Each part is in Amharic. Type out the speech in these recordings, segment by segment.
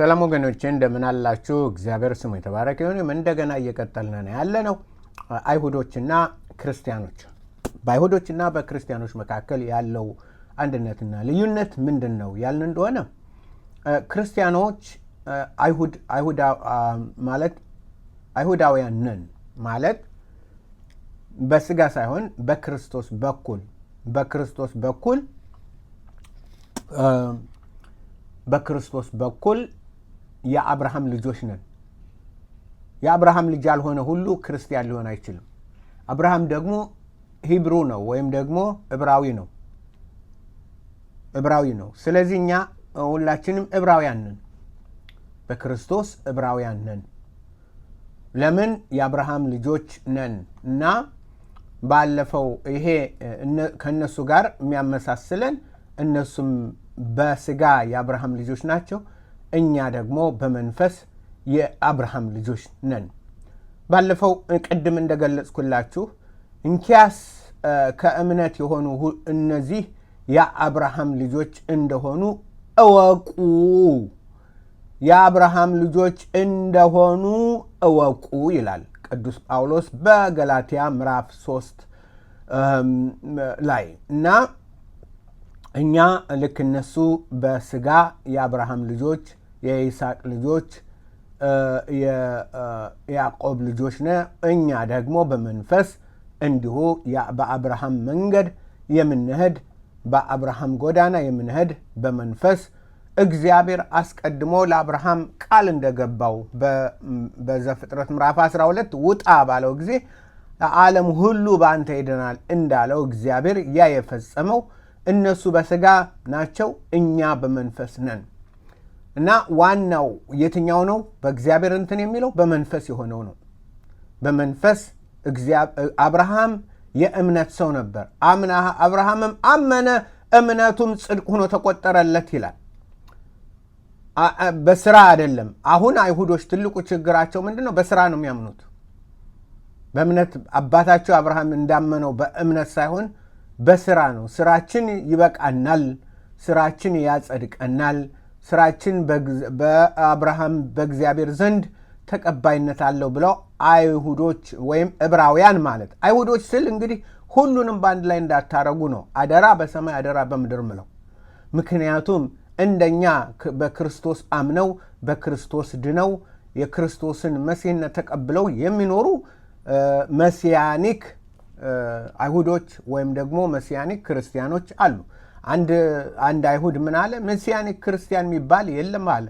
ሰላም ወገኖቼ እንደምን አላችሁ? እግዚአብሔር ስሙ የተባረከ ይሁን። እንደገና እየቀጠልን ያለ ነው አይሁዶችና ክርስቲያኖች በአይሁዶችና በክርስቲያኖች መካከል ያለው አንድነትና ልዩነት ምንድን ነው ያልን እንደሆነ ክርስቲያኖች አይሁድ አይሁዳ ማለት አይሁዳውያን ነን ማለት በስጋ ሳይሆን በክርስቶስ በኩል በክርስቶስ በኩል በክርስቶስ በኩል የአብርሃም ልጆች ነን። የአብርሃም ልጅ ያልሆነ ሁሉ ክርስቲያን ሊሆን አይችልም። አብርሃም ደግሞ ሂብሩ ነው ወይም ደግሞ ዕብራዊ ነው ዕብራዊ ነው። ስለዚህ እኛ ሁላችንም ዕብራውያን ነን፣ በክርስቶስ ዕብራውያን ነን። ለምን የአብርሃም ልጆች ነን እና ባለፈው ይሄ ከእነሱ ጋር የሚያመሳስለን እነሱም በስጋ የአብርሃም ልጆች ናቸው እኛ ደግሞ በመንፈስ የአብርሃም ልጆች ነን። ባለፈው ቅድም እንደገለጽኩላችሁ እንኪያስ ከእምነት የሆኑ እነዚህ የአብርሃም ልጆች እንደሆኑ እወቁ። የአብርሃም ልጆች እንደሆኑ እወቁ ይላል ቅዱስ ጳውሎስ በገላትያ ምዕራፍ ሶስት ላይ እና እኛ ልክ እነሱ በስጋ የአብርሃም ልጆች የይስሐቅ ልጆች የያዕቆብ ልጆች ነ እኛ ደግሞ በመንፈስ እንዲሁ በአብርሃም መንገድ የምንሄድ በአብርሃም ጎዳና የምንሄድ በመንፈስ እግዚአብሔር አስቀድሞ ለአብርሃም ቃል እንደገባው በዘፍጥረት ምራፍ 12 ውጣ ባለው ጊዜ ዓለም ሁሉ በአንተ ሄደናል እንዳለው እግዚአብሔር ያ የፈጸመው እነሱ በስጋ ናቸው፣ እኛ በመንፈስ ነን። እና ዋናው የትኛው ነው? በእግዚአብሔር እንትን የሚለው በመንፈስ የሆነው ነው። በመንፈስ አብርሃም የእምነት ሰው ነበር። አብርሃምም አመነ፣ እምነቱም ጽድቅ ሆኖ ተቆጠረለት ይላል። በስራ አይደለም። አሁን አይሁዶች ትልቁ ችግራቸው ምንድን ነው? በስራ ነው የሚያምኑት። በእምነት አባታቸው አብርሃም እንዳመነው በእምነት ሳይሆን በስራ ነው። ስራችን ይበቃናል፣ ስራችን ያጸድቀናል ስራችን በአብርሃም በእግዚአብሔር ዘንድ ተቀባይነት አለው ብለው አይሁዶች ወይም ዕብራውያን ማለት አይሁዶች ስል እንግዲህ ሁሉንም በአንድ ላይ እንዳታረጉ ነው። አደራ በሰማይ አደራ በምድር ምለው። ምክንያቱም እንደኛ በክርስቶስ አምነው በክርስቶስ ድነው የክርስቶስን መሲህነት ተቀብለው የሚኖሩ መሲያኒክ አይሁዶች ወይም ደግሞ መሲያኒክ ክርስቲያኖች አሉ። አንድ አንድ አይሁድ ምን አለ? መሲያኒክ ክርስቲያን የሚባል የለም አለ።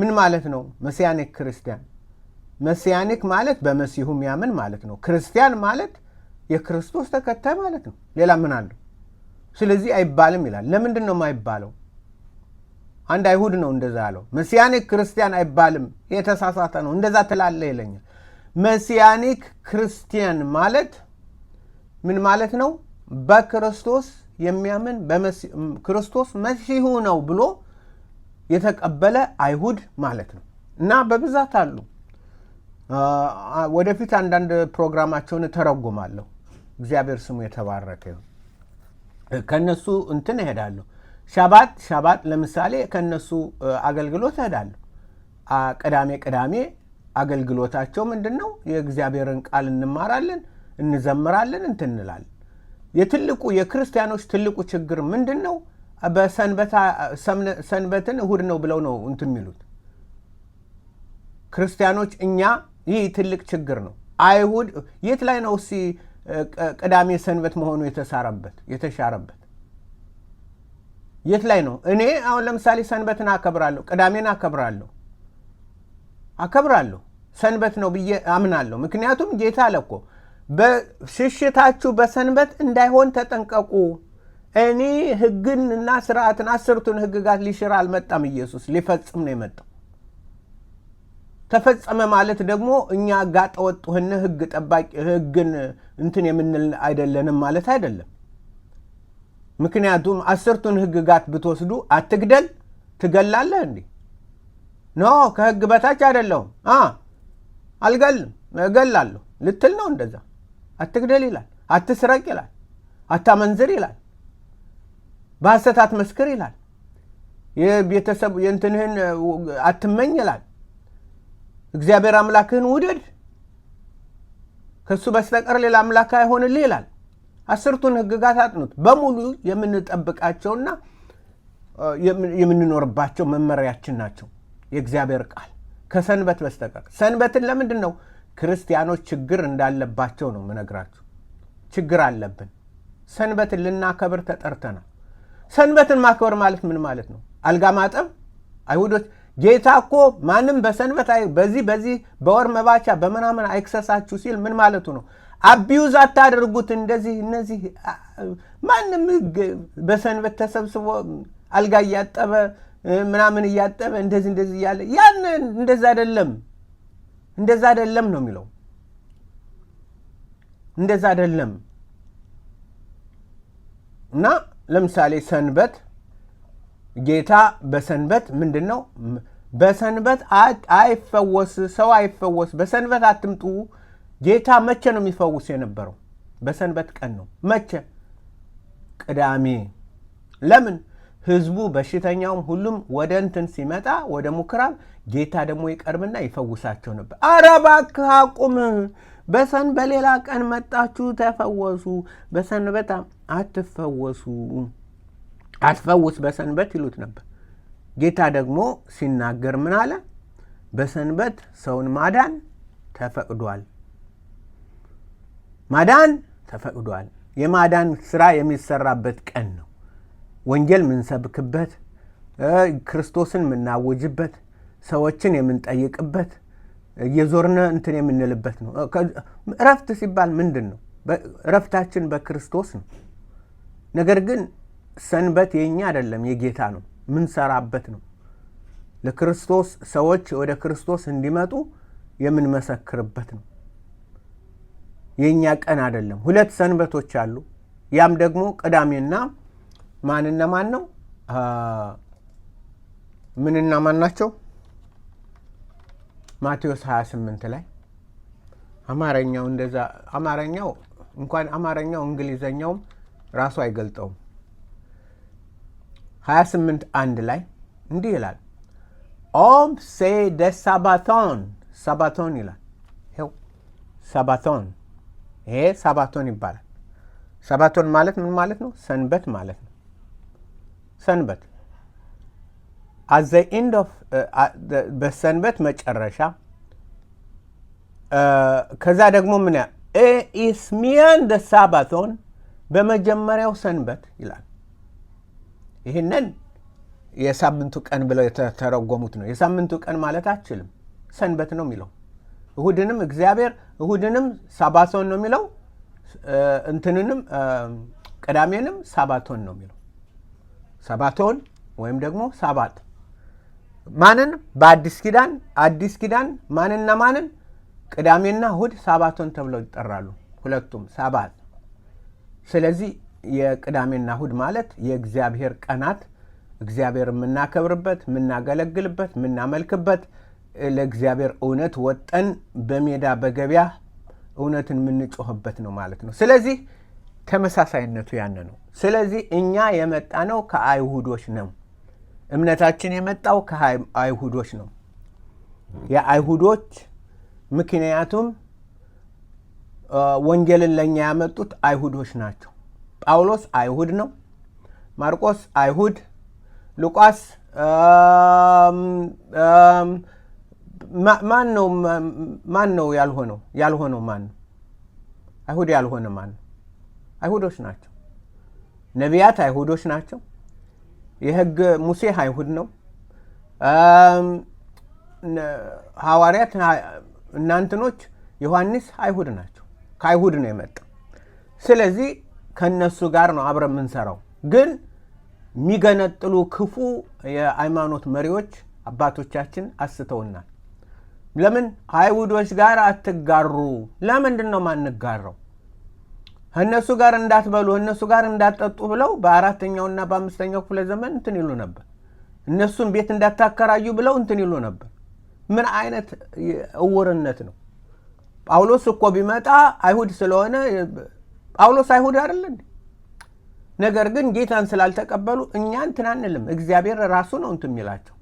ምን ማለት ነው መሲያኒክ ክርስቲያን? መሲያኒክ ማለት በመሲሁ የሚያምን ማለት ነው። ክርስቲያን ማለት የክርስቶስ ተከታይ ማለት ነው። ሌላ ምን አለው? ስለዚህ አይባልም ይላል። ለምንድን ነው የማይባለው? አንድ አይሁድ ነው እንደዛ አለው። መሲያኒክ ክርስቲያን አይባልም፣ የተሳሳተ ነው፣ እንደዛ ትላለ ይለኛል። መሲያኒክ ክርስቲያን ማለት ምን ማለት ነው? በክርስቶስ የሚያምን ክርስቶስ መሲሁ ነው ብሎ የተቀበለ አይሁድ ማለት ነው እና በብዛት አሉ። ወደፊት አንዳንድ ፕሮግራማቸውን እተረጉማለሁ። እግዚአብሔር ስሙ የተባረከ ይሁን። ከእነሱ እንትን እሄዳለሁ። ሻባት ሻባት ለምሳሌ ከእነሱ አገልግሎት እሄዳለሁ። ቅዳሜ ቅዳሜ አገልግሎታቸው ምንድን ነው? የእግዚአብሔርን ቃል እንማራለን፣ እንዘምራለን፣ እንትንላለን። የትልቁ የክርስቲያኖች ትልቁ ችግር ምንድን ነው? ሰንበትን እሁድ ነው ብለው ነው እንትን የሚሉት ክርስቲያኖች። እኛ ይህ ትልቅ ችግር ነው። አይሁድ የት ላይ ነው እስኪ ቅዳሜ ሰንበት መሆኑ የተሳረበት የተሻረበት የት ላይ ነው? እኔ አሁን ለምሳሌ ሰንበትን አከብራለሁ፣ ቅዳሜን አከብራለሁ አከብራለሁ ሰንበት ነው ብዬ አምናለሁ። ምክንያቱም ጌታ አለ እኮ ሽሽታችሁ በሰንበት እንዳይሆን ተጠንቀቁ። እኔ ሕግን እና ስርዓትን አስርቱን ሕግጋት ሊሽር አልመጣም። ኢየሱስ ሊፈጽም ነው የመጣው። ተፈጸመ ማለት ደግሞ እኛ ጋጠወጥህን ሕግ ጠባቂ ሕግን እንትን የምንል አይደለንም ማለት አይደለም። ምክንያቱም አስርቱን ሕግጋት ብትወስዱ አትግደል ትገላለህ እንዴ? ኖ ከሕግ በታች አይደለሁም፣ አልገልም፣ እገላለሁ ልትል ነው እንደዛ አትግደል ይላል፣ አትስረቅ ይላል፣ አታመንዝር ይላል፣ በሐሰት አትመስክር ይላል፣ የቤተሰብ የእንትንህን አትመኝ ይላል፣ እግዚአብሔር አምላክህን ውደድ ከእሱ በስተቀር ሌላ አምላክ አይሆንልህ ይላል። አስርቱን ሕግጋት አጥኑት በሙሉ የምንጠብቃቸውና የምንኖርባቸው መመሪያችን ናቸው። የእግዚአብሔር ቃል ከሰንበት በስተቀር ሰንበትን ለምንድን ነው ክርስቲያኖች ችግር እንዳለባቸው ነው ምነግራችሁ። ችግር አለብን። ሰንበትን ልናከብር ተጠርተናል። ሰንበትን ማክበር ማለት ምን ማለት ነው? አልጋ ማጠብ አይሁዶች ጌታ እኮ ማንም በሰንበት በዚህ በዚህ በወር መባቻ በምናምን አይክሰሳችሁ ሲል ምን ማለቱ ነው? አቢዩዝ አታደርጉት። እንደዚህ እነዚህ ማንም በሰንበት ተሰብስቦ አልጋ እያጠበ ምናምን እያጠበ እንደዚህ እንደዚህ እያለ ያን እንደዚህ አይደለም። እንደዛ አይደለም ነው የሚለው። እንደዛ አይደለም እና ለምሳሌ ሰንበት ጌታ በሰንበት ምንድን ነው? በሰንበት አይፈወስ፣ ሰው አይፈወስ፣ በሰንበት አትምጡ። ጌታ መቼ ነው የሚፈውስ የነበረው? በሰንበት ቀን ነው። መቼ? ቅዳሜ። ለምን ህዝቡ በሽተኛውም ሁሉም ወደ እንትን ሲመጣ ወደ ምኵራብ ጌታ ደግሞ ይቀርብና ይፈውሳቸው ነበር። ኧረ እባክህ አቁም። በሰን በሌላ ቀን መጣችሁ ተፈወሱ፣ በሰንበት አትፈወሱ፣ አትፈውስ በሰንበት ይሉት ነበር። ጌታ ደግሞ ሲናገር ምን አለ? በሰንበት ሰውን ማዳን ተፈቅዷል፣ ማዳን ተፈቅዷል። የማዳን ስራ የሚሰራበት ቀን ነው። ወንጌል የምንሰብክበት ክርስቶስን የምናውጅበት ሰዎችን የምንጠይቅበት እየዞርነ እንትን የምንልበት ነው። እረፍት ሲባል ምንድን ነው? እረፍታችን በክርስቶስ ነው። ነገር ግን ሰንበት የእኛ አይደለም፣ የጌታ ነው። ምንሰራበት ነው። ለክርስቶስ ሰዎች ወደ ክርስቶስ እንዲመጡ የምንመሰክርበት ነው። የእኛ ቀን አይደለም። ሁለት ሰንበቶች አሉ። ያም ደግሞ ቅዳሜና ማንና ማን ነው? ምንና ማን ናቸው? ማቴዎስ 28 ላይ አማረኛው እንደዛ አማረኛው እንኳን አማርኛው እንግሊዘኛውም ራሱ አይገልጠውም። 28 አንድ ላይ እንዲህ ይላል ኦም ሴ ደ ሳባቶን ሳባቶን ይላል። ይኸው ሳባቶን ይሄ ሳባቶን ይባላል። ሳባቶን ማለት ምን ማለት ነው? ሰንበት ማለት ነው። ሰንበት አት ዘ ኦፍ በሰንበት መጨረሻ ከዛ ደግሞ ምን ኢስሚያን ደ ሳባቶን በመጀመሪያው ሰንበት ይላል። ይህንን የሳምንቱ ቀን ብለው የተተረጎሙት ነው። የሳምንቱ ቀን ማለት አችልም ሰንበት ነው የሚለው እሁድንም እግዚአብሔር እሁድንም ሳባቶን ነው የሚለው እንትንንም ቅዳሜንም ሳባቶን ነው የሚለው ሰባቶን ወይም ደግሞ ሳባት ማንን በአዲስ ኪዳን አዲስ ኪዳን ማንና ማንን ቅዳሜና እሁድ ሳባቶን ተብለው ይጠራሉ። ሁለቱም ሳባት። ስለዚህ የቅዳሜና እሁድ ማለት የእግዚአብሔር ቀናት እግዚአብሔር የምናከብርበት፣ የምናገለግልበት፣ የምናመልክበት ለእግዚአብሔር እውነት ወጠን በሜዳ በገበያ እውነትን የምንጮህበት ነው ማለት ነው። ስለዚህ ተመሳሳይነቱ ያነ ነው። ስለዚህ እኛ የመጣ ነው ከአይሁዶች ነው። እምነታችን የመጣው ከአይሁዶች ነው። የአይሁዶች ምክንያቱም ወንጌልን ለእኛ ያመጡት አይሁዶች ናቸው። ጳውሎስ አይሁድ ነው። ማርቆስ አይሁድ፣ ሉቃስ ማን ነው? ማን ነው ያልሆነው? ያልሆነው ማን ነው? አይሁድ ያልሆነ ማን ነው? አይሁዶች ናቸው። ነቢያት አይሁዶች ናቸው። የህግ ሙሴ አይሁድ ነው። ሐዋርያት እናንትኖች ዮሐንስ አይሁድ ናቸው። ከአይሁድ ነው የመጣ ስለዚህ ከነሱ ጋር ነው አብረ የምንሰራው። ግን የሚገነጥሉ ክፉ የሃይማኖት መሪዎች አባቶቻችን አስተውናል። ለምን አይሁዶች ጋር አትጋሩ? ለምንድን ነው ማንጋራው? እነሱ ጋር እንዳትበሉ እነሱ ጋር እንዳትጠጡ ብለው በአራተኛውና በአምስተኛው ክፍለ ዘመን እንትን ይሉ ነበር። እነሱን ቤት እንዳታከራዩ ብለው እንትን ይሉ ነበር። ምን አይነት እውርነት ነው? ጳውሎስ እኮ ቢመጣ አይሁድ ስለሆነ ጳውሎስ አይሁድ አይደል ነገር ግን ጌታን ስላልተቀበሉ እኛን እንትን አንልም። እግዚአብሔር ራሱ ነው እንትን የሚላቸው።